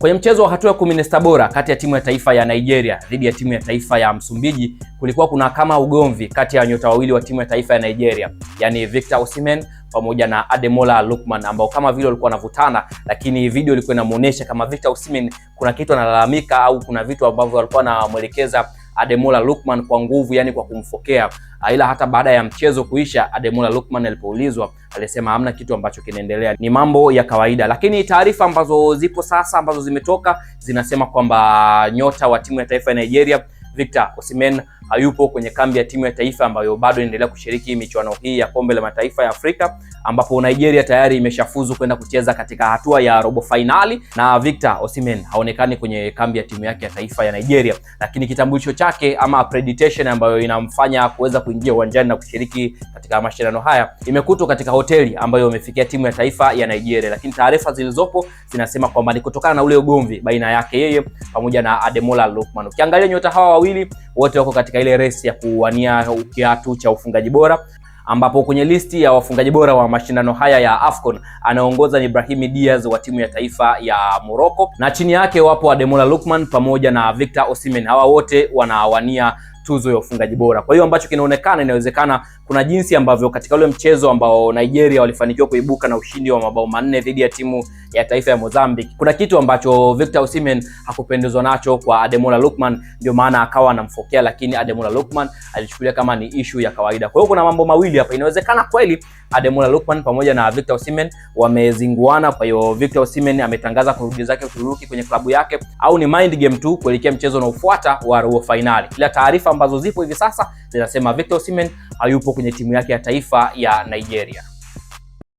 Kwenye mchezo wa hatua ya 16 bora kati ya timu ya taifa ya Nigeria dhidi ya timu ya taifa ya Msumbiji kulikuwa kuna kama ugomvi kati ya nyota wawili wa timu ya taifa ya Nigeria, yani Victor Osimhen pamoja na Ademola Lookman ambao kama vile walikuwa wanavutana, lakini video ilikuwa inamuonesha kama Victor Osimhen kuna kitu analalamika au kuna vitu ambavyo walikuwa wanamwelekeza Ademola Lukman kwa nguvu, yani kwa kumfokea. Ila hata baada ya mchezo kuisha, Ademola Lukman alipoulizwa alisema hamna kitu ambacho kinaendelea, ni mambo ya kawaida. Lakini taarifa ambazo zipo sasa ambazo zimetoka zinasema kwamba nyota wa timu ya taifa ya Nigeria Victor Osimhen hayupo kwenye kambi ya timu ya taifa ambayo bado inaendelea kushiriki michuano hii ya kombe la mataifa ya Afrika ambapo Nigeria tayari imeshafuzu kwenda kucheza katika hatua ya robo fainali, na Victor Osimhen haonekani kwenye kambi ya timu yake ya taifa ya Nigeria, lakini kitambulisho chake ama accreditation ambayo inamfanya kuweza kuingia uwanjani na kushiriki katika mashindano haya imekutwa katika hoteli ambayo imefikia timu ya taifa ya Nigeria, lakini taarifa zilizopo zinasema kwamba ni kutokana na ule ugomvi baina yake yeye pamoja na Ademola Lookman. Ukiangalia nyota hawa wawili wote wako katika ile resi ya kuwania kiatu cha ufungaji bora ambapo kwenye listi ya wafungaji bora wa mashindano haya ya AFCON anaongoza ni Brahimi Diaz wa timu ya taifa ya Morocco, na chini yake wapo Ademola lukman pamoja na Victor Osimhen. Hawa wote wanawania tuzo ya ufungaji bora. Kwa hiyo ambacho kinaonekana, inawezekana kuna jinsi ambavyo katika ule mchezo ambao Nigeria walifanikiwa kuibuka na ushindi wa mabao manne dhidi ya timu ya taifa ya Mozambique, kuna kitu ambacho Victor Osimhen hakupendezwa nacho kwa Ademola Lookman, ndio maana akawa anamfokea, lakini Ademola Lookman alichukulia kama ni ishu ya kawaida. Kwa hiyo kuna mambo mawili hapa, inawezekana kweli Ademola Lookman pamoja na Victor Osimhen wamezinguana. Kwa hiyo Victor Osimhen ametangaza kurudi zake Uturuki kwenye klabu yake, au ni mind game tu kuelekea mchezo unaofuata wa robo finali. Ila taarifa ambazo zipo hivi sasa zinasema Victor Osimhen hayupo kwenye timu yake ya taifa ya Nigeria.